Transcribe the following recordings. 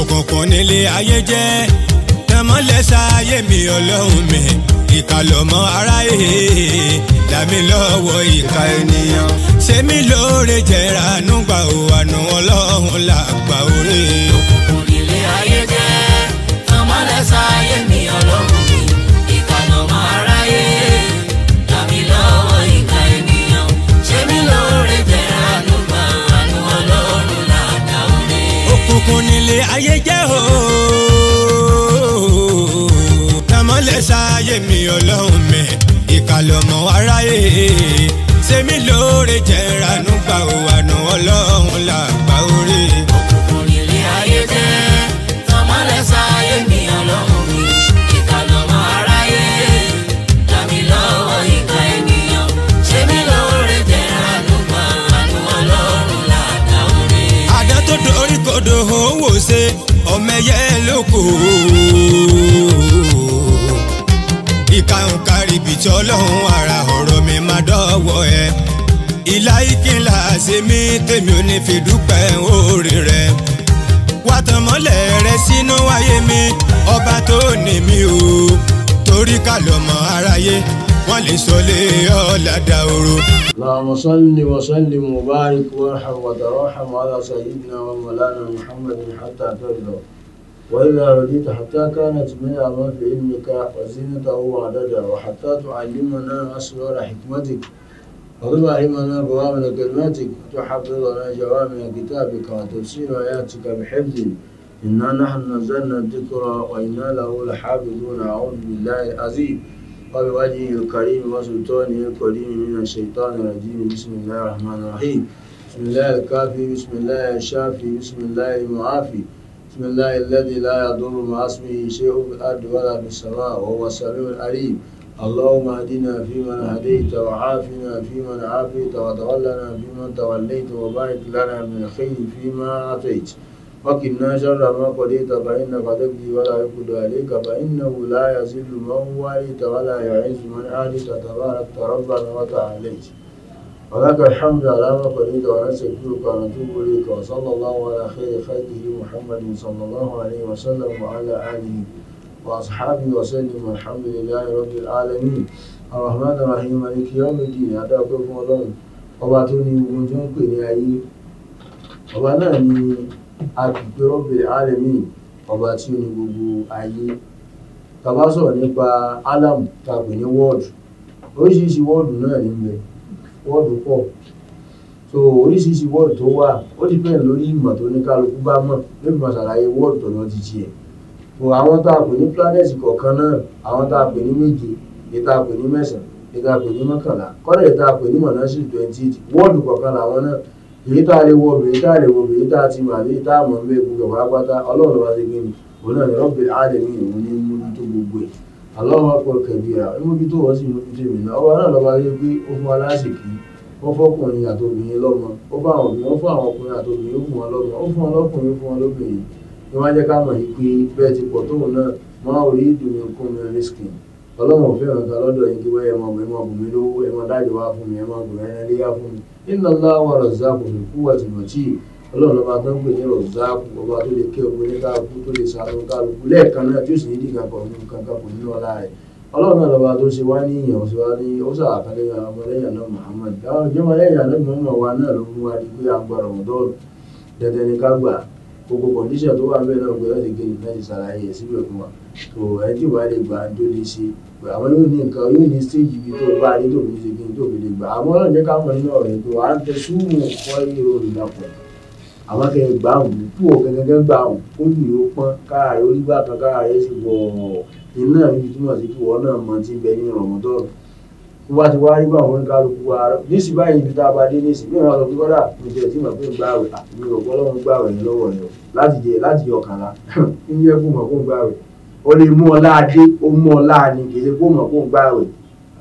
òkùnkùn nílé ayé jẹ́ tẹmọ́lẹ́sà ayé mi ọlọ́run mi ìkà lọ́mọ aráyé e. làmì lọ́wọ́ ìkà ènìyàn ṣé mi lóore jẹ́ra nùgbà òwànù ọlọ́run làgbà orí. ayé jẹ́ o tẹmọ́lẹ̀ sáyé mi ọlọ́run mi ara aráyé sẹ́mi lóore jẹ́ ranú gbà ó àná ọlọ́run làgbà orí. ìláìkìlà ṣe mí tèmi ò ní fi dúpẹ́ oore rẹ̀ wá tan mọ́lẹ̀ rẹ sínú ayé mi ọba tó ní mi o torí ká lọ́mọ aráyé wọ́n lè sọ lé ọ̀làdà òru. اللهم صل وسلم وبارك وارحم وترحم على سيدنا ومولانا محمد حتى ترضى وإذا رضيت حتى كانت من ما في علمك وزينته وعددا وحتى تعلمنا أسرار حكمتك واضرب إيمانا أبواب كلماتك تحفظنا جوامع كتابك وتفسير آياتك بحفظ إنا نحن نزلنا الذكر وإنا له لحافظون أعوذ بالله العظيم وبوجهه الكريم وسلطانه الكريم من الشيطان الرجيم بسم الله الرحمن الرحيم بسم الله الكافي بسم الله الشافي بسم الله المعافي بسم الله الذي لا يضر مع اسمه شيء في الأرض ولا في السماء وهو السميع العليم اللهم اهدنا فيمن هديت وعافنا فيمن عافيت وتولنا فيمن توليت وبارك لنا من الخير فيما اعطيت وقنا شر ما قضيت فانك تقضي ولا يقضى عليك فانه لا يزل من واليت ولا يعز من عاديت تبارك ربنا وتعاليت ولك الحمد على ما قضيت ونستغفرك ونتوب اليك وصلى الله على خير خلقه محمد صلى الله عليه وسلم وعلى اله وأصحابه وسلم والحمد لله رب العالمين الرحمن الرحيم مالك يوم الدين adáàpẹ́ fún ọlọ́run ọba tó ní ogun tó ń pè ní ayé ọba náà ni agbègbè rọ́bì alẹ́mìn ọba tí ó ní gbogbo ayé tàbá sọ̀rọ̀ nípa alam tàbí ní wọ́ọ̀dù oríṣiríṣi wọ́ọ̀dù náà ní bẹ̀ wọ́ọ̀dù pọ̀ so oríṣiríṣi wọ́ọ̀dù tó wà ó ti bẹ̀rẹ̀ lórí ìmọ̀ tó ní kálukú bá mọ̀ lóbi mọ̀ ṣàlàyé wọ́ọ̀dù tó lọ́ ti tiẹ̀ àwọn tá a pè ní planet kọ̀ọ̀kan náà àwọn tá a pè ní méje èyí tá a pè ní mẹ́sàn-án èyí tá a pè ní mọ́kànlá kọ́dà èyí tá a pè ní mọ̀násì twenty eight wọ́ọ̀lù kọ̀ọ̀kan làwọn náà èyí tá a lè wọ èyí tá a lè wọ èyí tá a ti mọ̀ àbí èyí a mọ̀ nbẹ gbogbo ọ̀rọ̀ apáta ọlọ́run lọ́ba ti gbé òun náà ní rọ́bì àdèmí òun ní mójútó gbogbo ẹ̀ aláwọ̀ wọ́n fọkùnrin àtòbìnrin lọ́mọ ó fún àwọn ọkùnrin àtòbìnrin ó fún wọn lọ́mọ ó fún wọn fún wọn lóbìnrin ni wọ́n á jẹ́ ká mọ̀ yìí pé bẹ́ẹ̀ ti pọ̀ tóun náà wọ́n á rí ìdùnnú nǹkan mi rìskì ọlọ́run òfin ọ̀gá lọ́dọ̀ yín kí wọ́n ẹ mọ̀ ẹ mọ̀ bùnmi lówó ẹ mọ̀ dájú wá fún mi ẹ mọ̀ bùnmi ẹ léyà fún mi iná láwọn rọ̀zá kò ní kú wàtí lọ́tì ọlọ́run ọba tó ń pè ní rọ̀zá ọba tó lè kẹ́ ogun ní káàkú tó lè sàánú kálukú lẹ́ẹ̀kan náà tí ó sì ní dìgbà pọ̀ nínú kankan kò nínú ọlá rẹ̀ ọlọ́run náà lọ́ba tó ṣe wá ní ìyàn ó ṣe wá ní ó sàkálẹ̀ ọmọlẹ́yìn náà Muhammad gbogbo condition tó wà bẹ́ẹ̀ náà gbé ọ̀sẹ̀ gé nìkan ti ṣàlàyé ẹ̀ síbẹ̀ fún wa tó ẹ tí wàá lè gbà tó lè ṣe àwọn yóò ní nǹkan yóò ní stage ibi tó bá rí tó fi ṣe kí n tó fi lè gbà àwọn ọ̀rọ̀ jẹ́ ká mọ̀ nínú ọ̀rẹ́ tó à ń tẹ súnmù fọ́ ìró ìdàpọ̀ àwọn kẹ gbà wù kú òkè gẹ́gẹ́ gbà wù kó lù yóò pọ́n kára rẹ̀ orí gbà kan kára rẹ̀ sì wọ̀ iná tó bá ti wá rí bá àwọn oníkálukú wa níṣì báyìí ibi tá a bá dé níṣì bí wọn sọ pé kọ́dà mo jẹ tí mo fi ń gbààwẹ̀ àmì ọ̀pọ̀lọ́run gbààwẹ̀ ní lọ́wọ́ rẹ̀ láti jẹ láti jẹ ọ̀kànlá ń yẹ kó mọ̀ kó ń gbààwẹ̀ ó lè mú ọ láàdé ó mú ọ láàní kì í ṣe kó mọ̀ kó ń gbààwẹ̀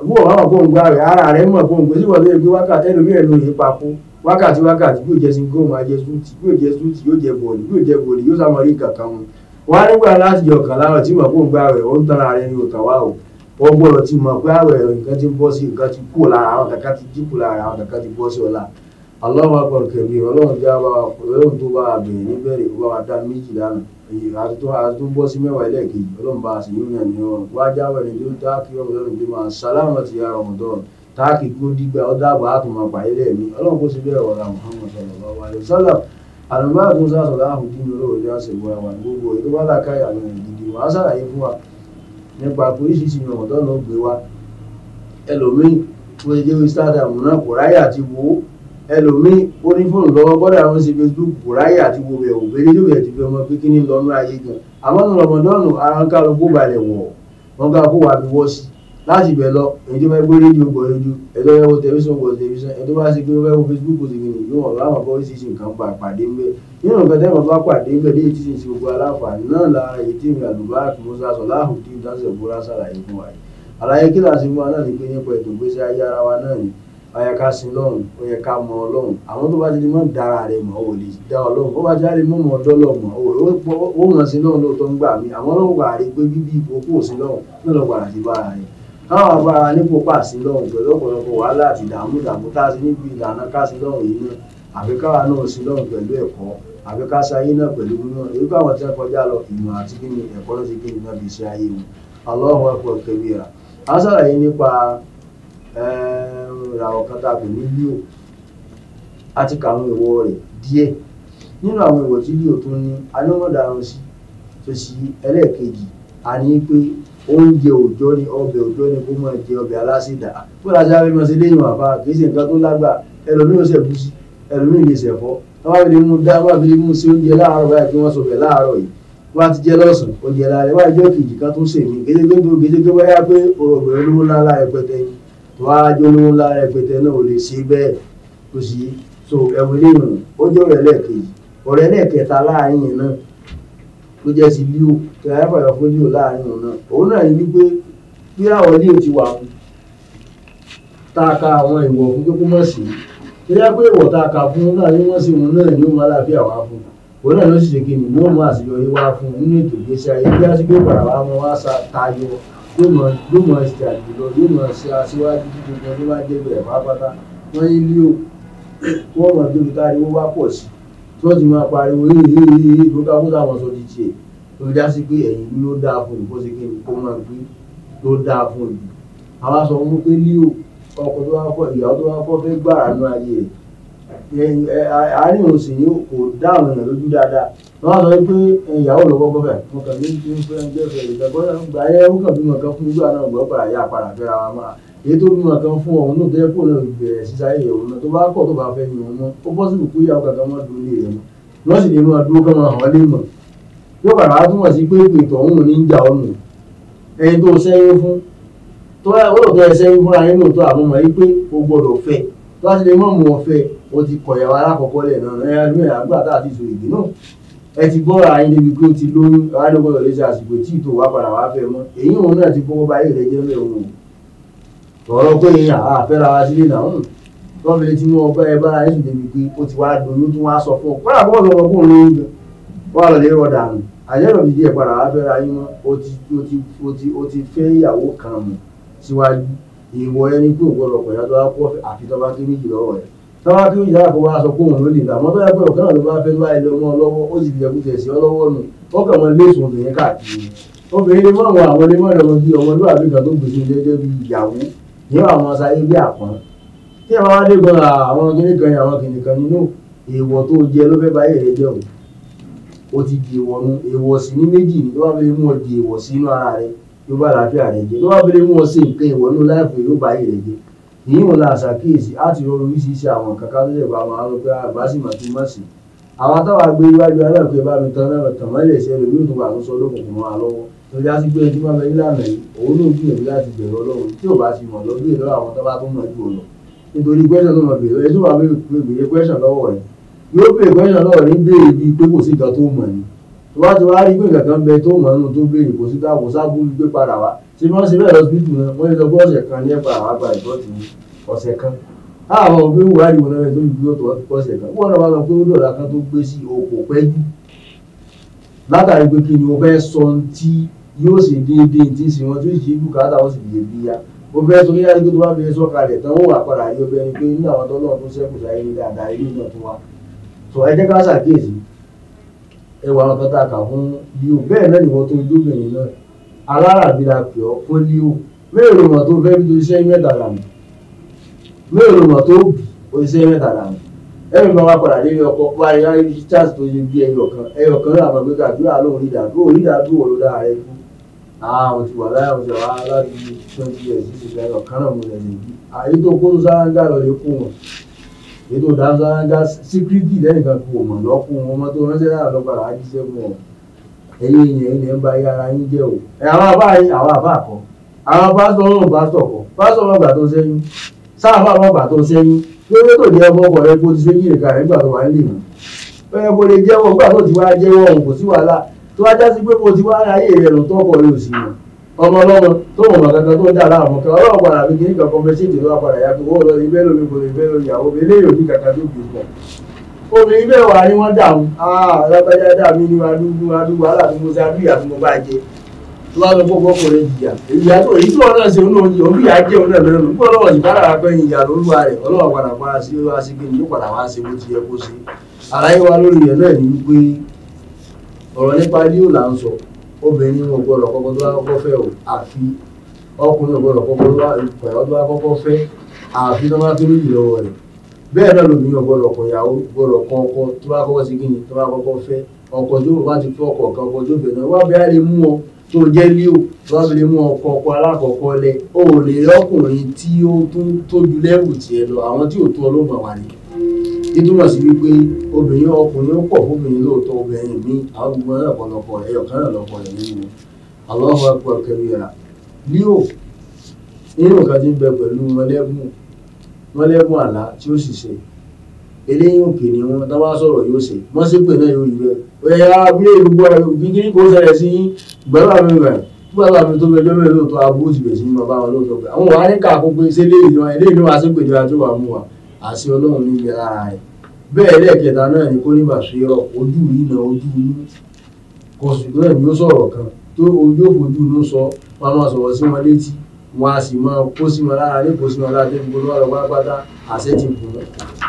bó ọ̀rọ̀ mọ̀ kó ń gbààwẹ̀ ara rẹ̀ mọ̀ kó ń gbé síbọ̀ lóye pé wákàtí ẹlòmíràn ló yẹ papò wákàtí wákàtí yóò jẹ singo máa jẹ súùtì yóò jẹ súùtì yóò jẹ bọ̀ọ̀lì yóò wọ́n gbọ́dọ̀ ti mọ̀ pé àwẹ̀ nǹkan ti bọ́ sí nǹkan ti kú lára àwọn kankan ti dínkù lára àwọn kankan ti bọ́ sí ọ̀la aláwọ̀ akọ̀rọ̀ kẹ̀mí ọlọ́run já wa ọlọ́run tó bá a bẹ̀rẹ̀ níbẹ̀rẹ̀ ó bá wa dá méjì lánà àtúntò bọ́ sí mẹ́wàá ẹlẹ́ẹ̀kejì ọlọ́run bá a sì yún náà ní ọrùn wá já wẹ̀ ní tó dáàkì ọ̀rọ̀ lọ́rùn tó máa sálámà ti ya Ramadan táàkì kó dígbà ó dáàbò á tún máa pàyé lẹ́ẹ̀mí ọlọ́run kó sì bẹ́ẹ̀ ọ̀rọ̀ Muhammad sallallahu alaihi wasallam àlùbáàdùn sàṣọ̀lá àhùn kí ni olóòjá ṣègbọ́n àwọn gbogbo ètò wàlàkàyà lọ́rùn gidi wàá sàlàyé fún wa nípa oríṣiríṣi ìrànwọ́ tọ́nà gbé wa ẹlòmíì tó ṣe jẹ́ Instagram náà kò ráyè àti wò ẹlòmíì ó ní fóònù lọ́wọ́ bọ́dà àwọn ṣe Facebook kò ráyè àti wò bẹ̀ ò bẹ́ẹ̀ lóye ti fi ọmọ pé kí ni lọ́nú ayé gan àmọ́ nù rọmọdọ́nù ara ń kálọ kó balẹ̀ wọ̀ wọ́n ká kó wà bí wọ́ sí láti ibẹ̀ lọ èyí tó fẹ́ gbé rédíò gbọ́ rédíò ẹ̀ tó wo tẹlifíṣàn gbọ́ tẹlifíṣàn ẹ̀ bá ṣe pé ó fẹ́ wo Facebook kò sì gbìyànjú níwọ̀n láwọn bọ́ sí sí nǹkan pa àpàdé ńbẹ nínú nǹkan tẹ́wọ̀n bá pàdé ńbẹ léyìí tí sì ṣe gbogbo aláǹfààní náà lára ètí ìrìn àlùbáàkì musa sọ láhùn tí ìdánṣẹ́ ìbúra ṣàlàyé fún wa yìí àlàyé kí làá ṣe fún wa náà ni pé nípa ètò ìgbésí ayé ara wa náà ni ó yẹ ká sin lọ́run ó yẹ ká mọ ọlọ́run àwọn tó bá ti di mọ́ dára rẹ̀ mọ́ ò lè dá ọlọ́run ó bá ti rí mọ́ mọ́ ọjọ́ lọ́mọ́ ó mọ̀ sí lọ́run lóòótọ́ ń gbà mí àwọn ọlọ́run wà á rí pé bíbí ipò kò sí lọ́run náà lọ́ gbàrà sí bára rẹ̀ káwọn agbára nípò pàṣẹ lọ́rùn pẹ̀lú ọ̀pọ̀lọpọ̀ wàhálà àti ìdààmú ìdààmú tá a ti níbi ìlànà káṣí lọ́rùn yìí náà àbí káwa náà pẹ̀lú ẹ̀kọ́ àbí náà pẹ̀lú mímọ́ èyí wọ́n kọjá lọ ìmọ̀ àti kí ni ẹ̀kọ́ ló ti kí ni náà fi a ṣàlàyé nípa eh, ìràwọ̀ kan tá a pè ní oúnjẹ òjọ́ ni ọbẹ̀ òjọ́ ni kó máa jẹ ọbẹ̀ alásìdá fúnra sí abẹ́rẹ́ máa ṣe léyìn àfa kì í ṣe nǹkan tó lágbà ẹlòmíì ò ṣẹ̀gúsí ẹlòmíì lè ṣẹ̀fọ́ wọ́n fi lè mú dá wọ́n fi lè mú sí oúnjẹ láàárọ̀ báyìí kí wọ́n sọ bẹ̀ láàárọ̀ yìí wọ́n ti jẹ lọ́sàn oúnjẹ láàárọ̀ wọ́n jẹ́ kejì kan tó ṣèmí gédégé tó gédégé báyà pé ọ̀rọ̀ olówó ńlá ẹpẹtẹ wọ́n á jẹ́ olówó ńlá ẹpẹtẹ náà ò lè ṣe bẹ́ẹ̀ kò sí so ẹ̀wọ̀n lè rìn ó jẹ́ ọ̀rẹ́ lẹ́ẹ̀kejì ọ̀rẹ́ lẹ́ẹ̀kẹta láàárín yẹn náà ló jẹ́ sí líò tí a yàgbà fún líò láàrin òun náà òun náà ní wípé bí àwọn líò ti wà fún tá ka àwọn ìwọ̀ fún pé mọ̀ sí tó yẹ pé ìwọ̀ tá a fún náà ní wọ́n sì òun náà ní ó máa láàfin àwọn òun náà ló sì ṣe kí ni yóò máa àṣeyọrí wá fún nínú ètò ìgbésí ayé bí a ti gbé pàrọ̀ wá mọ́ wá sa tayọ yóò mọ yóò mọ ṣe yóò mọ ṣe aṣíwájú gbogbo ẹni bá jẹ́ bẹ̀rẹ̀ wọ́n yí líò wọ́n mọ̀ débi táyé wá pọ̀ sí tí ti máa pariwo yíyíyíyí tó ká kó táwọn sọ ti tiẹ̀ tó já sí pé ẹ̀yìn ló dáa fún ìbò ṣe kí ni kó máa gbé ló dáa fún ìbò àwa sọ fún pé líò ọkọ tó wá fọ ìyàwó tó wá fọ fẹ́ gbàrà nú ayé rẹ̀ àárín òsì ni kò dá àwọn èèyàn lójú dáadáa wọ́n á sọ pé ìyàwó ló kọ́kọ́ fẹ́ mo kàn ń jẹ́ fẹ́ ìgbàgbọ́ gbà ó kàn bí mo kàn fún ìgbà náà gbọ́ pàrà yá pàrà fẹ́ra wa máa èyí tó bímọ kan fún ọ̀hún náà tó yẹ kó náà bẹ̀rẹ̀ sísáyé ìyẹ̀wò náà tó bá kọ̀ tó bá fẹ́ yan ọmọ ó bọ́ sí ìkú ìyàwó kankan máa dúró lé ẹ̀mọ́ wọ́n sì lè máa dúró kán máa hàn lé mọ̀ yóò bàrà á túmọ̀ sí pé ètò ọ̀hún ní ń jà ọ̀nù ẹni tó sẹ́yìn fún tó yà ó lòótọ́ ẹ sẹ́yìn fúnra yín lòótọ́ àmọ́ mọ̀ pé o gbọ́dọ̀ fẹ́ tó bá ti lè mọ̀ mọ̀ ọ̀fẹ́ o o ti lóyún ọ̀rọ̀ pé àfẹ́ra wa sílé náà ń hmm. wọ́n fi lè ti mú ọgbẹ́ ẹ bára ẹ̀sùn débi pé ó ti wá doyún tó wá sọ fún ọ kọ́lá bọ́ọ̀lù ọmọkùnrin lóyún gan wọ́n lọ lè rọ̀ dànù àjẹ́rọ̀ dídí ẹ̀ padà wá fẹ́ra yín mọ́ ó ti ó ti ó ti ó ti fẹ́ ìyàwó kan mọ̀ síwájú ìwọ ẹni pé ògbọ́dọ̀ pẹ̀lú tó wá pọ̀ àfi tọ́ bá ké méjì lọ́wọ́ ẹ̀ tọ́ bá ké méjì wá sọ pé òun ló lè là mọ́ tó yẹ pé ọ̀kan ló bá fẹ́ bá ilé ọmọ ọlọ́wọ́ ó sì fi ẹkú tẹ̀sí ọlọ́wọ́ nù ó kàn mọ́ léṣun obìnrin káàkiri obìnrin lè mọ̀ àwọn ilé mọ̀ yẹn wà máa sáyé bí àpọ́n tí àwọn adé gan àwọn kìnnì kan àwọn kìnnì kan nínú èèwọ̀ tó jẹ ló fẹ́ báyé rẹ jẹ́ o ó ti di èèwọ̀ nu èèwọ̀ sí ní méjì ní wọ́n fi mú ọ di èèwọ̀ sí inú ara rẹ ló bá àlàáfíà rẹ jẹ ló bá fi mú ọ sí nǹkan èèwọ̀ nínú láìpẹ́ ló báyé rẹ jẹ èyí wọn la ṣàkíyèsí á ti rọrùn oríṣiríṣi àwọn kankan tó lè bá wọn á àgbà sì mà ti má sí i àwọn táwọn agbé iwájú aláàfin bá mi tán náà tàn mọ́lẹ̀ ṣe lórí òtún bá tún sọ lókùnkùn mọ́ wa lọ́wọ́ tó já sí pé ojú máa bẹ nílànà yìí òun ló gbìyànjú láti bẹ̀rẹ̀ ọlọ́run tí ò bá ti mọ̀ lọ́gbé lọ́wọ́ àwọn tó bá tún mọ̀ ju òun lọ nítorí question tó mọ̀ bèrè ẹni tó bá bèrè question lọ́wọ́ rẹ̀ yóò bèrè question lọ́wọ́ rẹ̀ ń bèrè bíi pé kò sí nǹkan tó mọ̀ ni tó bá ti wá rí pé nǹkan bẹ tó mọ̀ nínú tó bèrè kò sí dáàbò sáàbù gbé padà wá ṣé wọ́n ṣe bẹ́ẹ̀ lọ́sibítù náà wọ́n lè sọ pé ọ̀sẹ̀ kan ní ẹ̀ padà wá gba ọ̀sẹ̀ kan àwọn òbí wà ní ìwọ̀n rẹ̀ tó ju tó ọ̀sẹ̀ kan wọ́n náà máa pé ó dọ̀la kan tó gbé sí oko pẹ́jú látàrí pé kí ni o fẹ́ sọ ti yóò ṣe déédéé tí sì wọ́n tó sì ṣe bùkátà ó sì lè bí ya o fẹ́ sọ níyà pé tó bá fi sọ kalẹ̀ tán ó wà padà yí ọbẹ̀ ni pé nínú àwọn tó lọ́ọ̀ tó sẹ́kù sáyé ní dáadáa ilé náà tó wá sọ ẹ jẹ́ ká ṣàkíyèsí ẹ wà wọn kan tá a kà fún líò bẹ́ẹ̀ náà nìwọ́n tó jóbìnrin náà alárabìlà pè ọ́ fún líò mẹ́rin mọ̀ tó fẹ́ fi tó iṣẹ́ mẹ́ta làmì mélòó ló mọ̀ tó bì ó ṣe mẹ́ta dànù ẹ̀mí máa wá padà nínú ọkọ̀ parí láyé ní charles tó ṣe bí ẹyọ kan ẹyọ kan náà máa gbé kàdúrà lóhùn onídàádúró onídàádúró wo ló dára rẹ kú àwọn ti wà láyà ọ̀sẹ̀ wa láti twenty years ti ṣe ẹyọ kan náà mo lẹ̀ nìyí àyè tó kó sáráńgá lọ lè kún wọn èyí tó dá sáráńgá síkírìtì lẹ́nìkan kò mọ̀ lọ́kùn wọn mọ́tò ránṣẹ́ náà lọ padà á jíṣẹ́ fún wọn ẹ̀yìn ìyẹn ilẹ̀ ń ba ayé ara yín jẹ́ o àwọn àbá yín àwọn àbá kọ àwọn pásítọ̀ náà pásítọ̀ kọ pásítọ̀ náà gbà tó ṣẹ́yìn sáàfà àwọn tó sẹ́yìn lórí tó jẹ́ ọmọ ọkọ̀ rẹ kó ti sẹ́yìn ìka rẹ̀ nígbà tó wà nílé mi bẹ́ẹ̀ kó lè jẹ́wọ́ gbà tó ti wá jẹ́wọ́ òun kò sí wàhálà tó wá já sí pé kó ti wá ayé rẹ̀ lò tó ọkọ̀ rẹ̀ ò sí mọ̀ ọmọ ọlọ́mọ tó mọ̀ kankan tó dára àwọn kan ọlọ́run padà bí kiri kan kọ́mẹ́sìtì ló wá padà yá pé wọ́n lọ ibẹ̀ lómi kò lè bẹ́ tó bá lọ bọ́gbọ́ ọkùnrin jìyà ìyá tó èyí tí wọn náà ṣe òun náà yọ olùyà jẹ òun náà lọ́rùn nígbà ọlọ́wọ́ ìbára rà ìyá lórúwa rẹ̀ ọlọ́wọ́ padà padà sí wá sí pé yóò padà wá sí bó ti yẹ kó ṣe àlàyé wa lórí rẹ̀ náà ní pé ọ̀rọ̀ nípa líò là ń sọ obìnrin ò gbọ́dọ̀ kọ́kọ́ tó bá kọ́kọ́ fẹ́ o àfi ọkùnrin ò gbọ́dọ̀ tó bá kọ́kọ́ fẹ́ àfi tó bá tó lóyè lọ́wọ́ rẹ̀ bẹ́ẹ̀ náà lóbìnrin ò kọ̀yàwó gbọ́dọ̀ kọ́ ọkọ tó bá kọ́kọ́ sí kíni tó bá kọ́kọ́ fẹ́ ọkọ tó bá ti fẹ́ ọkọ̀ kan ọkọ tó bẹ̀rẹ̀ wá bẹ́ẹ̀ lè mú ọ tó jẹ́ líò tó bá lè mú ọkọ ọkọ alákọ̀ọ́kọ́ lẹ o ò lè rọ́kùnrin tí ó tún tójú lẹ́rù tiẹ̀ lọ àwọn tí ò tó ọlọ́gbà wà ní. ìtumọ̀ sí wípé obìnrin ọkùnrin ó pọ̀ fóbìnrin lóòótọ́ obìnrin mi àwọn gbogbo náà lọ́pọ̀lọpọ̀ ẹ̀yọ̀ kan náà ẹ̀kọ́ nínú nǹkan ti ń bẹ eléyìí òkè ni wọn tá bá sọ̀rọ̀ yóò ṣe wọ́n sì pè náà yóò rí bẹ́ẹ̀ ẹ̀ abúlé gbogbo àbí kí kò ṣẹlẹ̀ sí gbàgbà mi rẹ̀ gbàgbà mi tó bẹjọ́ mẹ́rin lóòótọ́ abúlé ti bẹ̀ sí ní bàbá wọn lóòótọ́ pé àwọn wàá ní káàkó pé ṣé eléyìí náà eléyìí náà wàá sì pè ní wàá mú wa àṣẹ ọlọ́run ní ìyẹn rẹ̀ bẹ́ẹ̀ lẹ́ẹ̀kẹta náà ni kó ní bàṣírọ̀ ojú ìrìnà ojú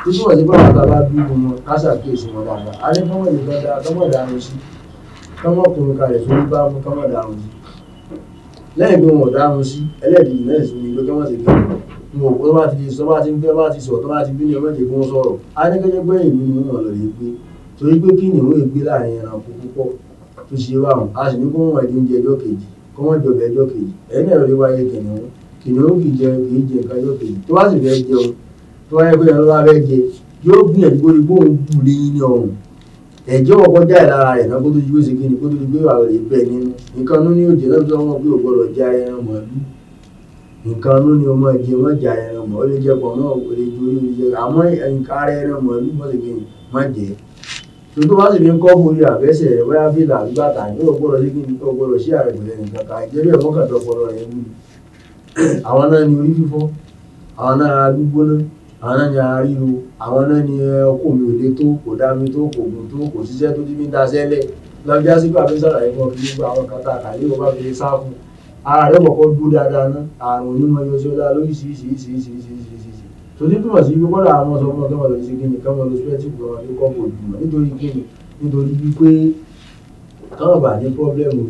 tí sì wọ̀nyí bá wà bàbá bímọ wọn ká ṣàkíyèsí wọn dáadáa a ní kọ́mọ̀ lè gbọ́dá kọ́mọ̀ dànù sí kọ́mọ̀ kùn kalẹ̀ fún bá mú kọ́mọ̀ dànù sí lẹ́yìn pé wọn ò dànù sí ẹlẹ́dìí náà sì ni pé kọ́mọ̀ sì kẹ́kọ̀ọ́ mo kó bá ti sọ bá ti ń fẹ́ bá ti sọ tó bá ti bí ní ọmọdé kó ń sọ̀rọ̀ á ní kẹ́jẹ́ pé ìlú ni wọn lọ lè gbé torí pé kí nìwọ̀n ègbé láàrin ẹranko púpọ̀ tó ṣe wà wọn a sì ní kó wọn ẹ̀dín jẹ ẹjọ́ kejì kó wọn jọba ẹjọ́ kejì ẹ̀yìn ẹ̀rọ lè wáyé kìnìún kìnìún kì í jẹ kì í jẹ nǹkan ẹjọ́ kejì tó bá sì fẹ́ jẹun tó wáyé pé ọlọ́lá rẹ jẹ yóò gbìyànjú kó ní bóun bù léyìn ní ọrùn ẹ̀jẹ̀ ọkọ̀ jáì lára rẹ̀ náà kó tó ju bó ṣe kí ni kó tó ju pé wà lè bẹ̀ nínú nǹkan nínú yóò jẹ́ lọ́dún sọ́wọ́n pé ò gbọ́dọ̀ já ẹran mọ̀ọ́lú nǹkan ló ní ọmọ ìjẹ wọn jà ẹran mọ ó lè jẹ pọ náà ó lè ju orí jẹ àmọ́ nǹkan ara ẹran mọ ẹbí mọ lèmi má jẹ tuntun bá sì fi ń kọ́ borí àfẹsẹ̀ wáyà fìlà àbíbàtà ní ògbọ́dọ̀ sí kí n tó gbọ́dọ̀ sí ààrẹ ìgbẹ̀lẹ̀ nìkan àwọn náà ni a àwọn náà ni ọkọ mi ò lè tó kò dá mi tó kò gùn tó kò ṣiṣẹ́ tó ti fi ń daṣẹ́ lẹ̀ lọ́jọ́ sí pé àfi sàlàyé fún ọdún gbogbo àwọn kan tá a kà lé ọba fi lè sá fún ara rẹ̀ kọ̀ọ̀kan dúró dáadáa ná àrùn onímọ̀ yọ sí ọlá lóríṣiríṣiríṣiríṣiríṣiríṣiríṣi tó ti túmọ̀ sí ibi kọ́dà àwọn ọmọ ọmọ ọmọ lọ́sí kíni kọ́mọ lọ́sí pẹ́ẹ́tì gbọ́n ní kọ́mọ kíni nítorí wípé káwọn bà ní pọ́blẹ́mù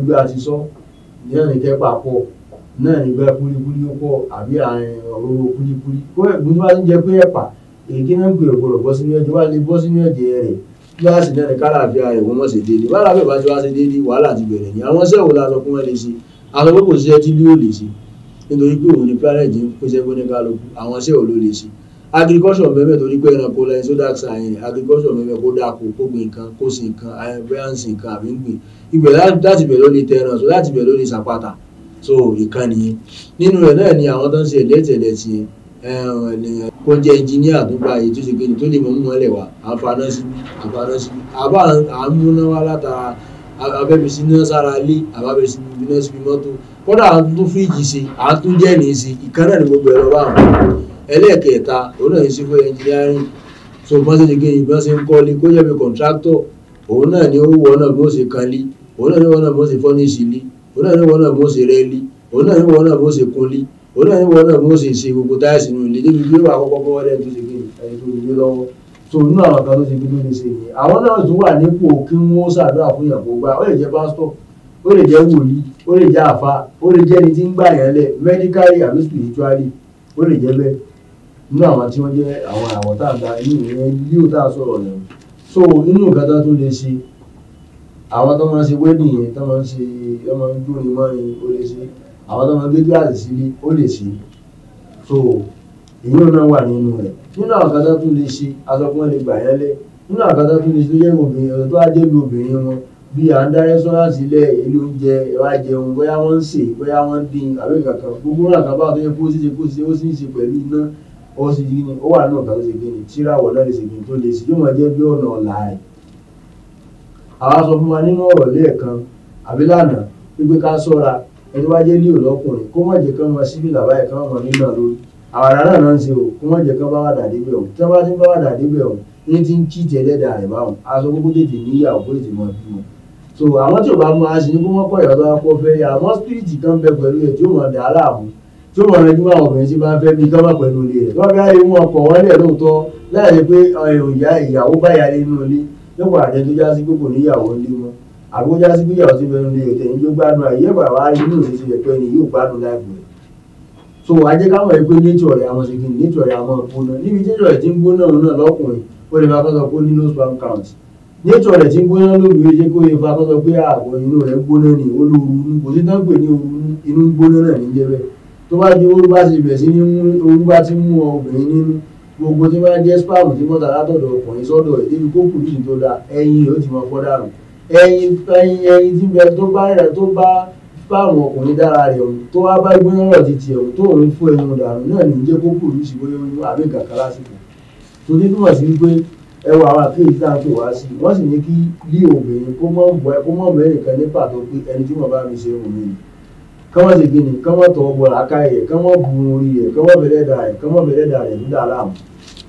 ojú tó náà nígbà kúlíkúlí ó pọ̀ àbí ọ̀rọ̀ kúlíkúlí kó ẹ̀gbọ́n bá ń jẹ pé ẹ̀pà èké náà ń pè ọ̀pọ̀lọ̀ bọ́ sínú ẹ̀jẹ̀ wá lè bọ́ sínú ẹ̀jẹ̀ rẹ̀ kíláàsì náà ní kálàáfíà rẹ̀ wọ́n mọ̀ sí déédéé bá làbẹ̀ bá ti wá sí déédéé wàhálà ti bẹ̀rẹ̀ ni àwọn sẹ́wọ̀ la sọ fún wọn lè ṣe àwọn pé kò sí ẹtí bí ó lè ṣe nítorí pé òun ni planet ń pèsè fún ní kálukú àwọn sẹ́wọ̀ ló lè ṣe agriculture mẹ́mẹ́ torí pé ẹranko lẹ́yìn sódà sàyẹn agriculture mẹ́mẹ́ kó dáko kó gbìn nǹkan kó sin nǹkan bóyá ń sin nǹkan àbí ń gbìn ibẹ̀ láti bẹ̀ ló lè tẹ ẹran sọ láti bẹ̀ ló lè sàpàtà so ìkànnì nínú rẹ̀ náà ni àwọn tó ń ṣe ẹ̀lẹ́tẹ̀lẹ̀ sí kó jẹ́ ẹnjìníà tó gba èyí tó ṣe kéde tó lè mọ̀ mọ́ ẹlẹ̀ wá àǹfààní sí àǹfààní sí àbá àmúnáwá látara abẹ́bẹ̀sí náà sára ilé àbábẹ̀sí náà síbi mọ́tò kódà à ń tún fíríjì ṣe à ń tún jẹ́ẹ̀nì ṣe ìkànnà ni gbogbo ẹ̀rọ bá wọn ẹlẹ́ẹ̀kẹta òun náà ń ṣe fún ẹnjìníárìn so bọ́n ṣe kéde ìbọn ṣe ń kọ́lé kó jẹ́ bí kọ̀ǹtráktọ̀ òun náà ni ó wọ náà bí ó ṣe kanlé òun náà ni ó wọ náà bí ó ṣe fọ́níṣì lé òun náà ní wọn náà bó ṣe rẹ́ lí òun náà ní wọn náà bó ṣe kún lí òun náà ní wọn náà bó ṣe ṣe gbogbo táyàsì nù ilé débi bí wàá kọ́kọ́ bọ́wọ́ lẹ́yìn tó ṣe gbé ẹni tó gbé lọ́wọ́ tó nínú àwọn kan tó ṣe gbé lónìí ṣe yìí àwọn náà tún wà nípò kí wọ́n ṣàdúrà fún ìyàwó gbà ó lè jẹ́ pásítọ̀ ó lè jẹ́ wòlíì ó lè jẹ́ àfa ó lè jẹ́ ẹni tí ń gbà yẹn lẹ̀ medically àbí spiritually ó lè jẹ́ bẹ́ẹ̀ nínú àwọn tí wọ́n jẹ́ àwọn àwọ̀ tá a gba inú ìyẹn yóò tá a sọ̀rọ̀ yẹn so nínú nǹkan tó lè ṣe àwọn tó máa ń ṣe wedding yẹn tó máa ń ṣe wọ́n máa ń dúrin mọ́rin ó lè ṣe àwọn tó máa gbé gíláàsì sílé ó lè ṣe so ìyóò náà wà nínú rẹ̀ nínú àwọn kan tó tún lè ṣe aṣọ kí wọ́n lè gbà yẹn lé nínú àwọn kan tó tún lè ṣe tó jẹ́ obìnrin ọ̀dọ́ tó ajé lu obìnrin wọn bí à ń dá rẹ́sọ́ránsì ilẹ̀ ilé oúnjẹ ẹ̀rọ ajẹun bóyá wọ́n ń sè bóyà wọ́n ń dín àbí kankan gbogbo náà kan bá tó yẹ kó ṣeéṣe kó ṣe ó sì ń ṣe pẹ̀lú iná ó sì yí ni ó wà nínú ọ̀gá tó ṣe gbé ni tíráwọ̀ náà lè ṣe gbé ni tó lè ṣe yóò máa jẹ́ bí ọ̀nà ọ̀la rẹ̀ àwa sọ fún wa nínú ọ̀rọ̀ lẹ́ẹ̀kan àbí lánàá wípé ká sọ́ra ẹni wá jẹ́ líò lọ́kùnrin kó má jẹ́ kán máa síbí làbá ẹ̀ kán máa nínà lórí àwàrà náà náà ń ṣe o kó má jẹ́ kán bá wà dàdé bẹ̀ ọ̀hún tí wọ́n bá ti ń bá wà dàdé bẹ̀ ọ̀hún ní ti ń kí ti ẹlẹ́dà rẹ̀ báwọn aṣọ gbogbo tètè níyàwó kó tètè mọ bímọ. so àwọn tí ò bá máa ṣe ni kó wọ́n kọ́ ìyàtọ̀ akọ fẹ́ yà àmọ́ spiriti kan bẹ pẹ̀lú ẹ̀ tí ó máa dà á láàmú tí ó máa rẹjú àwọn obìnrin tí bá ń fẹ́ bí kán bá pẹ̀lú ilé rẹ̀ lọ́ọ́ bí ayé wọn lẹ̀ lóòótọ́ láì pé ìyàwó bá yà nínú ilé nípa àjẹ tó já sí pé kò níyàwó ń lé wọn àbí ó já sí pé ìyàwó ti fẹ́ràn lè tẹ̀ ń jó gbádùn àyè ẹ̀bà wá inú òṣìṣẹ́ rẹ̀ pé ẹni yóò gbádùn láìpẹ́ so ajẹ́ káwọn ẹ̀ pé nature ọ̀rẹ́ àwọn ṣe kìnnì nature ọ̀rẹ́ àwọn ọ̀pọ̀ náà níbi nature ẹ̀ ti ń gbóná òun náà lọ́kùnrin ó lè máa kọ́ sọ pé ó ní no sperm count nature rẹ̀ ti ń gbóná lóbi ó ṣe kó yẹ fa kọ́ sọ pé àwọ̀ inú rẹ̀ gbóná ni ó ló ru inú kò sí tán pè ní inú gbóná náà ní jẹ́ bẹ́ẹ̀ tó bá di orú ti bẹ̀ sí ní orú ti mú obìnrin nínú gbogbo tí wọ́n jẹ́ spam tí wọ́n tà látọ̀dọ̀ ọkùnrin sọ́dọ̀ ẹ̀ débi kó kù yìí tó da ẹyin yóò ti máa fọ́ dànù ẹyin ẹyin ẹyin tí bẹ tó bá rẹ̀ tó bá spam ọkùnrin dára rẹ̀ ọ̀hún tó wá bá gbóná ọ̀rọ̀ ti tiẹ̀ ọ̀hún tó òun fún ẹyin dànù náà ní jẹ́ kó kù yìí ṣùgbọ́n yóò àbí kàkà lásìkò torí túmọ̀ sí pé ẹ wọ àwọn àkéyìí tá à ń pè wá sí wọ́n sì ní kí lé obìnrin kó mọ̀ bọ́ ẹ kó mọ̀ mẹ́rin kan ní pàtó pé ẹni tí wọ́n bá mi ṣe òun nìyí kán wọ́n ṣe gbìnì kán wọ́n tọ́ wọ làákà yẹ kán wọ́n bu orí yẹ kán wọ́n bẹ̀rẹ̀ dà yẹ kán wọ́n bẹ̀rẹ̀ dà yẹ nígbà láàmú.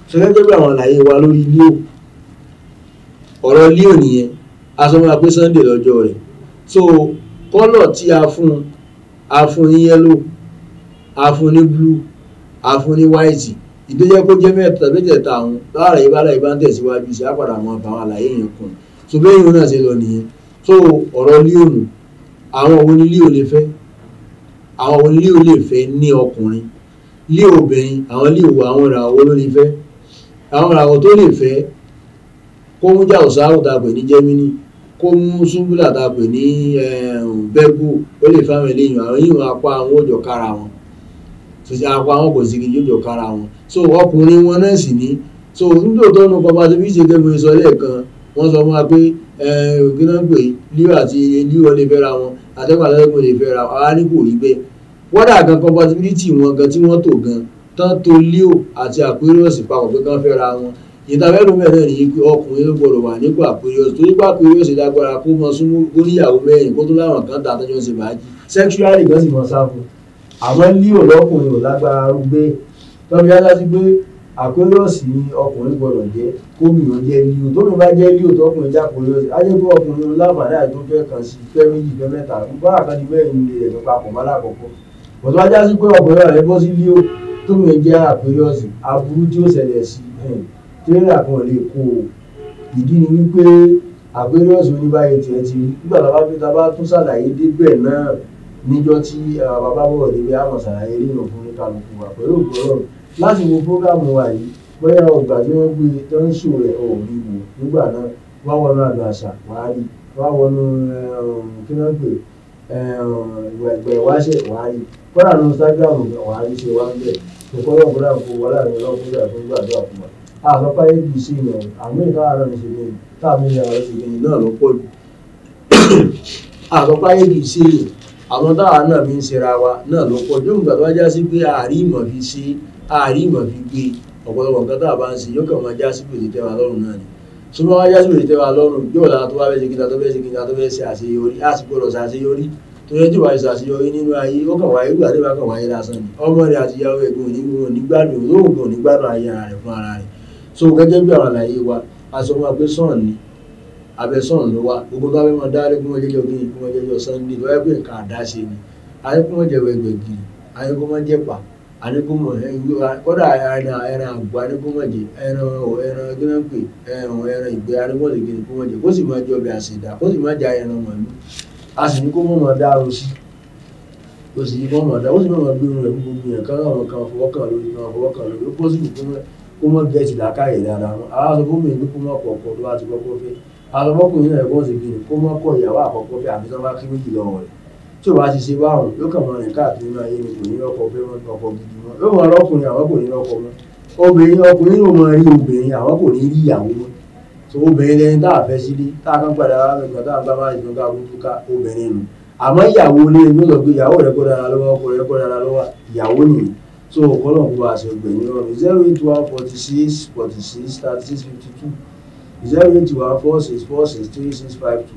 sọ bí àwọn àlàyé wa lórí líò ọ̀rọ̀ líò nìyẹn aṣọ máa Sunday lọ́jọ́ rẹ̀ so kọ́lọ̀ tí a fún a fún ní yellow a fún ní blue a fún ní white ìdójẹ́ kó jẹ́ mẹ́ta mẹ́tẹ̀ẹ̀ta àwọn láàrẹ̀ ìbára ìbá ń tẹ̀síwájú sí àpàdà àwọn àbáwọn àlàyé yẹn kùn so bẹ́ẹ̀ yìí náà ṣe lọ nìyẹn so ọ̀rọ̀ líò nù àwọn òun ni líò lè fẹ́ àwọn ilé ò lè fẹ́ ní ọkùnrin ilé obìnrin àwọn ilé ìwò àwọn ìràwọ̀ ló lè fẹ́ àwọn ìràwọ̀ tó lè fẹ́ kó mú jà òsáàrò tá a pè ní Gemini kó mú súbúlà tá a pè ní bẹ́gù ó lè fẹ́ àwọn eléyìí àwọn yìí apá àwọn òjò kára wọn apá àwọn kò sì kí yóò kára wọn so ọkùnrin wọn náà sì ní so nítòótọ́ nu papa tó fi ṣe kébìnrin sọ lẹ́ẹ̀kan wọ́n sọ fún wa pé kí náà líò àti líò lè fẹ́ra wọn àtẹ́gbà lọ́dọ̀ kò lè fẹ́ ra ara ní kò rí bẹ́ẹ̀ wọ́dà gan compatibility wọn gan tí wọ́n tò gan tán tó leo àti Aquarius papọ̀ pé kán fẹ́ ra wọn ìtàfẹ́lú mẹ́rin ní pé ọkùnrin ló gbọ́dọ̀ wà nípò Aquarius torí pé Aquarius lágbára kó mọ súnmọ́ oníyàwó mẹ́rin kó tó láwọn kan tà tọ́jọ́ ṣe bàájì sexually gan sì mọ sáfù àmọ́ leo lọ́kùnrin ò lágbára rú bẹ́ẹ̀ tọ́bi á dá àkúrẹ́ọ̀sì ọkùnrin gbọ́dọ̀ jẹ́ kóbìnrin jẹ́ líò tóbìnrin bá jẹ́ líò tọkùnrin jẹ́ àkúrẹ́ọ̀sì á jẹ́ pé ọkùnrin láǹfààní àti tó fẹ́ kàn sí fẹ́ méjì fẹ́ mẹ́ta bá àkàndí bẹ́ẹ̀ ni ilé rẹ̀ papọ̀ mọ́ lákọ̀ọ́kọ́ bọ̀dọ̀ wájá sí pé ọkùnrin rẹ̀ bọ́ sí líò tóbìnrin jẹ́ àkúrẹ́ọ̀sì aburú tí ó ṣẹlẹ̀ sí tírélà kan lè kó o ìdí ni wípé àkúrẹ́ọ̀sì oníbàyẹ̀ tiẹ̀ ti nígbà tá a bá fi ta bá tún ṣàlàyé débẹ̀ náà níjọ́ tí ah, bàbá bọ̀rọ̀ débi àmọ̀ ṣàlàyé nínú fún kálukú wa pẹ̀lú láti wo prógámù wa yìí bóyá ọgbà tí wọ́n gbé tọ́ńṣù rẹ̀ òòrùn wò nígbà náà wá wọnú àgbà àṣà wàá rí wọnú um, kí wọ́n pè um, ìwà ìgbẹ́ wáṣẹ̀ wàá ní Instagram wàá ṣe wá ń bẹ̀ kò kọ́ lọ́kùn náà kó wọlé àwọn ọlọ́kùn náà tó ń gbàdúrà fún wa. yẹn àmì ìtara náà ṣe lè táàmì ìyàwó ṣe lè náà lọ́pọ̀ jù àlọ́pàá yẹn àwọn táwa náà fi ń ṣera wa náà ló pọ̀ yóò gbà tó bá já sí pé àárí ìmọ̀ fi ṣe àárí ìmọ̀ fi gbé ọ̀pọ̀lọpọ̀ nǹkan tá a bá ń ṣe yóò kàn máa já sí pèsè tẹ́wa lọ́rùn náà ni ṣùgbọ́n wá já sí pèsè tẹ́wa lọ́rùn yóò la tó bá fẹ́ ṣe kíta tó fẹ́ ṣe kíta tó fẹ́ ṣe àṣeyọrí á sì gbọ́dọ̀ ṣe àṣeyọrí tó yẹ tí wàá nínú ayé ó kàn wáyé gbà débà kàn wáyé lásán ni ọmọ rẹ àti ìyàwó ẹ̀gbọ́n onígbọn onígbàdùn olóògùn onígbàdùn ayé ara rẹ fún ara rẹ so gẹ́gẹ́ bí àwọn àlàyé wa aṣọ máa gbé sàn ni abẹ́sọ̀rùn ló wá gbogbo bá fẹ́ máa dálé kí wọ́n jẹ́jọ́ kí wọ́n jẹ́jọ́ sunday lọ́wọ́ pé nǹkan àdáṣe ni ayékúmọ̀ jẹ̀wọ̀ ẹgbẹ̀gì ayékúmọ̀ jẹ̀pà anigúnmọ̀ kọ́dà ẹran ẹran àgbò anigúnmọ̀ jẹ ẹran ẹran gínápè ẹran ẹran ìgbẹ́ anigúnmọ̀ jẹ gínápè jẹ kó sì máa jọ bí àṣìdá kó sì máa jẹ ẹran màlúù a sì ní kó mọ̀ mọ̀ dá o sí o sì ní mọ̀ mọ̀ dá o sì mọ̀ mọ̀ gbé irun rẹ̀ gbogbo yẹn káwọn àwọn kan alọmọkùnrin náà ẹ̀kọ́ ṣe kiri kó mọ́ ìyàwó àkọ́kọ́ pé àbí sọ́mọ́ kí méjì lọ́wọ́ rẹ̀ tí ò bá ti ṣe báwọn yóò kàn máa rìn káàkiri náà yé mi kò ní lọ́kọ pé wọ́n lọ́kọ gidi mọ́ yóò máa lọ́kùnrin àwọn kò ní lọ́kọ mọ́ obìnrin ọkùnrin yóò máa rí obìnrin àwọn kò ní rí ìyàwó mọ́ so obìnrin lẹni tá a fẹ́ sílé tá a kàn padà wá tá a bá máa jẹun ká bójú ká obìnrin nù àmọ́ ìyàwó lé ní lọ ìyàwó rẹ̀ kó dára zero eight one four six four six three six five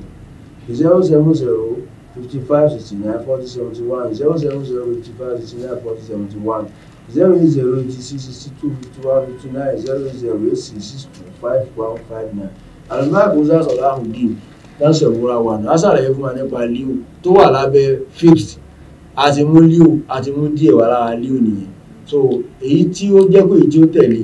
two zero seven zero fifty five sixty nine forty seventy one zero seven zero fifty five sixty nine forty seventy one zero eight zero eighty six six two fifty one fifty nine zero eight zero eight six six two five one five nine alimami musa sọlá ahundin lọ́sẹ̀ múra wà náà aṣàlàyé fún wa nípa leo tó wà lábẹ́ fixed àti mú leo àti mú díẹ̀ wà lára leo nìyẹn so èyí tí ó jẹ́ pé èyí tí ó tẹ̀lé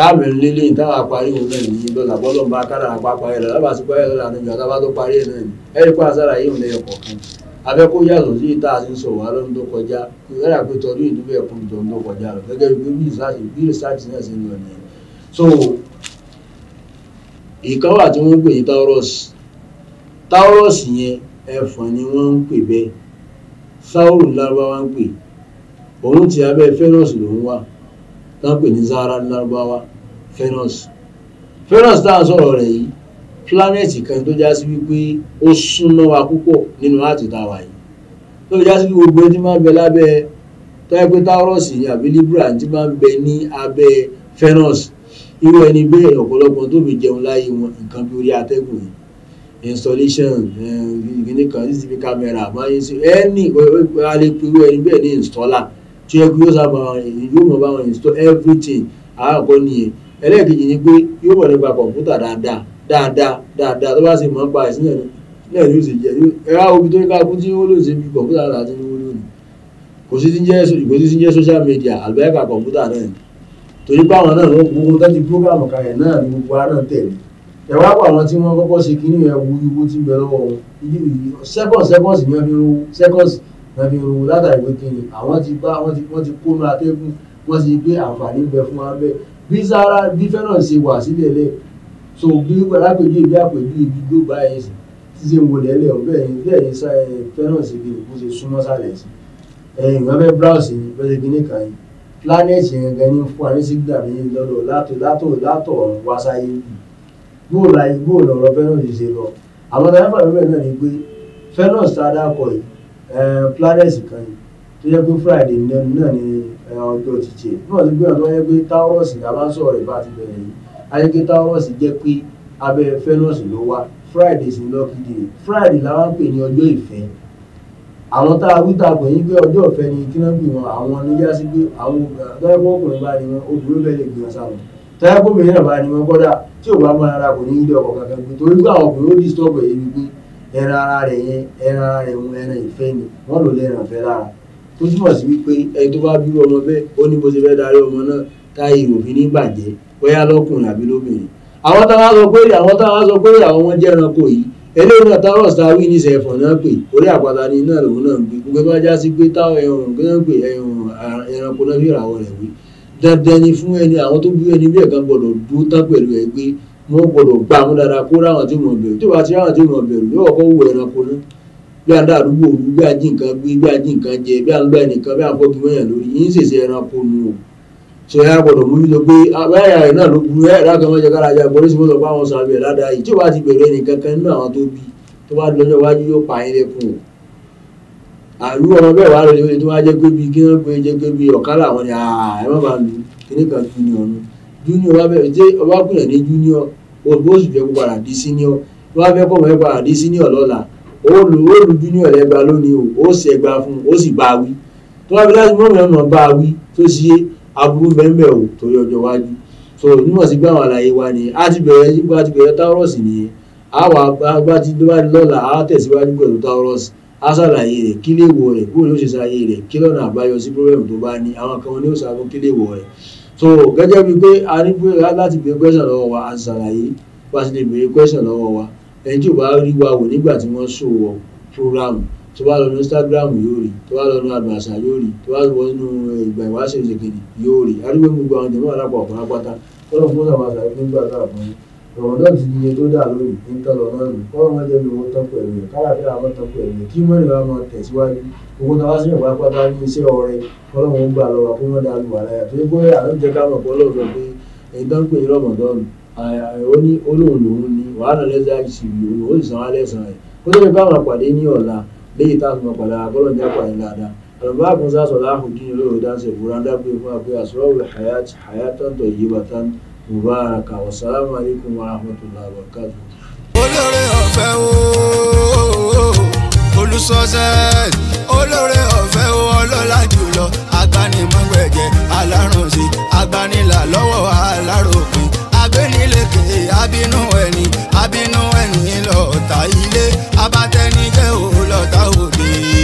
táàmì lílé ìtawà parí òun náà ní lọ́la bọ́lọ̀ bá kára àpá parí rẹ̀ lábàá sí parí lọ́la níbi àtàbá tó parí ẹ̀ náà ní ẹ̀rí pa àsára yìí òun lẹ́yìn kọ̀ọ̀kan abẹ́kó yàtọ̀ sí ìta àti sọ̀rọ̀ alọ́dún tó kọjá ìrẹ́rà pé tọdún ìdúbẹ̀ ẹ̀kún jọ tó kọjá rẹ̀ gẹ́gẹ́ bí rìsáàtì bí rìsáàtì náà ṣe ń nìyẹn so ìkan wà tí wọ́n ń pè ní taurus taurus yẹn ẹ̀fọn ni wọ́n ń pè bẹ́ẹ̀ sauru lárúbáwá ń pè òun ti abẹ́ fẹ́rọ̀sì lòún wà tán pè ní zara lárúbáwá Venus Venus tá à ń sọ̀rọ̀ rẹ̀ yìí pílánẹ̀tì kan tó já sí wípé ó súnmọ́ wa púpọ̀ nínú láti ta wà yìí tó já sí gbogbo ẹni tí máa ń bẹ lábẹ́ tọ́yẹ pé Taurus yìí àbí Libra ti máa ń bẹ ní abẹ́ Venus irú ẹni bẹ́ẹ̀ ọ̀pọ̀lọpọ̀ tó fi jẹun láyé wọn nǹkan bí orí atẹ́gùn yìí installation gíní eh, kan cctv camera máyé sí ẹni a lè pe irú ẹni bẹ́ẹ̀ ní installer tí ẹ kú yóò sábà yóò mọ̀ bá wọn install everything àkọ́kọ́ nìyẹn ẹlẹ́ẹ̀kejì ni pé yóò mọ̀ nípa kọ̀ǹpútà dáadáa dáadáa dáadáa tó bá sì mọ̀ nípa ìsìn náà ni yóò sì jẹ́ ẹ̀rá omi tó ní káàkú tí ó lò sí ibi kọ̀ǹpútà náà àti níwó lónìí kò sí ti jẹ́ ìgbé tí ti jẹ́ social media àlùbáyàkà kọ̀ǹpútà náà ni torí pé àwọn náà ló gbogbo tó ti prógrámù kalẹ̀ náà ni gbogbo ara náà tẹ̀lé ẹ wá àwọn tí wọ́n kọ́kọ́ ṣe kí nìyẹn wu iwo tí bẹ lọ́wọ́ wọn seconds seconds bí sara difference ṣe wà sílẹ̀ lẹ̀ so bí alápèjú ìbí àpèjú ìbí gbogbo ayé sí ti ṣe wò lẹ́lẹ̀ ọ̀bẹ yẹn bẹ́ẹ̀ ni fẹ́rànsì bí òkú ṣe súnmọ́ sálẹ̀ sí ẹ̀yìn eh, ìwọ́n fẹ́ browse yìí bẹ́ẹ̀ bí nìkan yìí planet yẹn gan ni fún àrí sígbà mi lọ́dọ̀ látọ̀ látọ̀ látọ̀ ọ̀run wá sáyé yìí bóò láyé bóò lọ́rọ̀ fẹ́rànsì ṣe lọ àwọn ọ̀dọ́ yẹn fà lórí ẹ̀ náà ni pé fẹ́rànsì tá a dákọ̀ yìí eh, planet kan yìí tó yẹ pé friday nínú náà ni ọjọ́ títì náà ti gbé ọ̀dọ́ yẹ pé taurus la bá sọ̀rọ̀ ìbá ti bẹ̀rẹ̀ yìí ayẹ́kẹ́ taurus jẹ́ pé abẹ́ fenus ló wá friday sì lọ kìdì friday la wá ń pè ní ọjọ́ ìfẹ́ àwọn tá a wí ta pè ní pé ọjọ́ ìfẹ́ ni kí wọ́n gbì wọn àwọn oníyá sí pé àwọn tọ́yẹ́pọ̀ ọkùnrin bá ní wọn obìnrin bẹ́ẹ̀ lè gbìyànjú sáwọn tọ́yẹ́pọ̀ obìnrin náà bá ní wọn kọ́dà tí ò bá mọ ara kò ní ilé ọkọ̀ kankan pé torí pé àwọn obìnrin ó disturb ẹ̀yẹ́ wípé ẹran ara rẹ̀ yẹn ẹran ara rẹ̀ wọn ẹran ìfẹ́ ni wọ́n lò lẹ́ran ìfẹ́ lára ó túmọ̀ sí wípé ẹni tó bá bírú ọmọ bẹ́ẹ̀ ó ní bó ṣe fẹ́ darí ọmọ náà táyé òbí ní bàjẹ́ bóyá lọ́kùnrin àbí lóbìnrin àwọn táwa sọ pé àwọn táwa sọ pé àwọn wọn jẹ́ ẹranko yìí eléyìí náà táwọn sáwí ní sẹ̀fọ̀ náà pè orí àpáta ni iná lòun náà ń gbé gbogbo bá já sí pé táwọn ẹranko náà fi ràwọ̀ rẹ̀ wí dandan ni fún ẹni àwọn tó bí ẹni bí ẹ̀kan gbọ́dọ̀ dúró tán pẹ̀lú ẹ pé wọ́n gbọ́dọ̀ gbà mú dáadáa kó ráwọn tí wọ́n bẹ̀rù tí wọ́n ti ráwọn tí wọ́n bẹ̀rù yóò kọ́ wọ ẹranko náà bí a òru bí a nǹkan gbé bí a nǹkan jẹ bí a ẹnìkan bí a fọ́ lórí yín ṣèṣe ẹranko nu o ṣe ẹ gbọ́dọ̀ mú yíyọ pé abẹ́rẹ́ ah, rẹ̀ náà ló burú ẹ̀ láti ọmọ jẹ́kára ajá gbọ́dọ̀ sí mọ́tò fáwọn sàbẹ̀ ládàá yìí tí ó bá ti bẹ̀rẹ̀ ẹnìkan kan nínú àwọn tó bí tó bá lọ́jọ́ iwájú yóò pa yín lẹ́kùn o àlú ọmọ bẹ́ẹ̀ wàá lọ́jọ́ tó wá pé bí kí wọ́n pe jẹ́ pé bí ọ̀kálà wọn ni ah, ẹ má bàa lu kíní kan junior nu junior wá bẹ̀rẹ̀ ṣé ọba kùnà ní junior òbí ó fẹ́ kó padà di senior wá fẹ́ kó padà di senior lọ́la olù olù junior lẹgba lónìí o ó sì ẹgba fún un ó sì bá a wí tó bá fi láti mọ́ mìíràn náà bá a wí tó sì yé aburú bẹ́ẹ̀ o torí ọjọ́ iwájú so nímọ̀ sí gbé àwọn àlàyé wa nìyẹn a ti bẹ̀rẹ̀ sípò a ti bẹ̀rẹ̀ táwọ́rọ̀sì nìyẹn a wà bá ti dọ́bà lọ́la a tẹ̀síwájú pẹ̀lú táwọ́rọ̀sì a ṣàlàyé rẹ̀ kí lè wọ̀ rẹ̀ bóyá ó ṣe ṣàyè rẹ̀ kí lọ́nà àbáyọ sí pírọ́bẹ̀mù tó bá ní àwọn kan ní ó ṣàfún kí lè wọ̀ rẹ̀ so gẹ́gẹ́ bíi pé a ní láti béèrè kwẹ́sàn lọ́wọ́ wa a ṣàlàyé bá a ti lè béèrè kwẹ́sàn lọ́wọ́ wa ẹni tí ò bá rí wa wò nígbà tí wọ́n sọ ọ programu tó bá lọ ní Instagram yóò rí tó bá lọ ní adùn àṣà yóò rí tó bá lọ nínú eh, ìgbà ìwáṣẹ̀ ìṣèkèdè yóò rí arúgbó gbogbo àwọn jẹmọ́ àlápá ọkùnrin apáta tọrọ fún àwọn àṣàyẹ nígbà tá a fún yín rọmọdọ́n ti yẹ tó dà lórí ní tọ́lọ náà nù kọ́ ọmọ jẹ́ mi owó tọ́pọ̀ ẹ̀mí kálàfíà àwọn tọ́pọ̀ ẹ̀mí kí mọ́ni bá máa tẹ̀síwájú gbogbo náà wá sí ìwà pátá ní iṣẹ́ ọrẹ kọ́lọ́mù ń gbà lọ́wọ́ kó wọ́n dá lù wà láyà tó yẹ kó yà ló ń jẹ́ ká mọ̀ pọ́ lọ́dọ̀ pé ẹ̀dọ́n pè é rọmọdọ́n ó ní olóhùn lòún ní wàhálà lẹ́sẹ̀ àìsí ìlú ó sì san alẹ́ san rẹ̀ ó tó ní báwọn àpàdé ní ọ̀la léyìí táwọn àpàdé àkọ́lọ́ ní àpàdé dáadáa àlùbá àkùnzá sọ̀lá àhùdí olóòrò dáńsẹ̀ ìbúrandá pé fún àpé àsọ̀rọ̀wò hayati hayatan tó yí bàtán mubaraka wasalaamu alaykum wa rahmatullahi wa barakatuh. olóore ọ̀fẹ́ o olùsọ́sẹ́ olóore ọ̀fẹ́ o ọlọ́lá jùlọ agbanimọ̀gbẹ̀jẹ̀ alárùn sí agbanilà lọ́wọ́ aláròpin agbénilékè abínú ẹni abínú ẹni lọ́ọ̀tá ilé abatẹnijẹ́ òun lọ́ọ̀tá òde.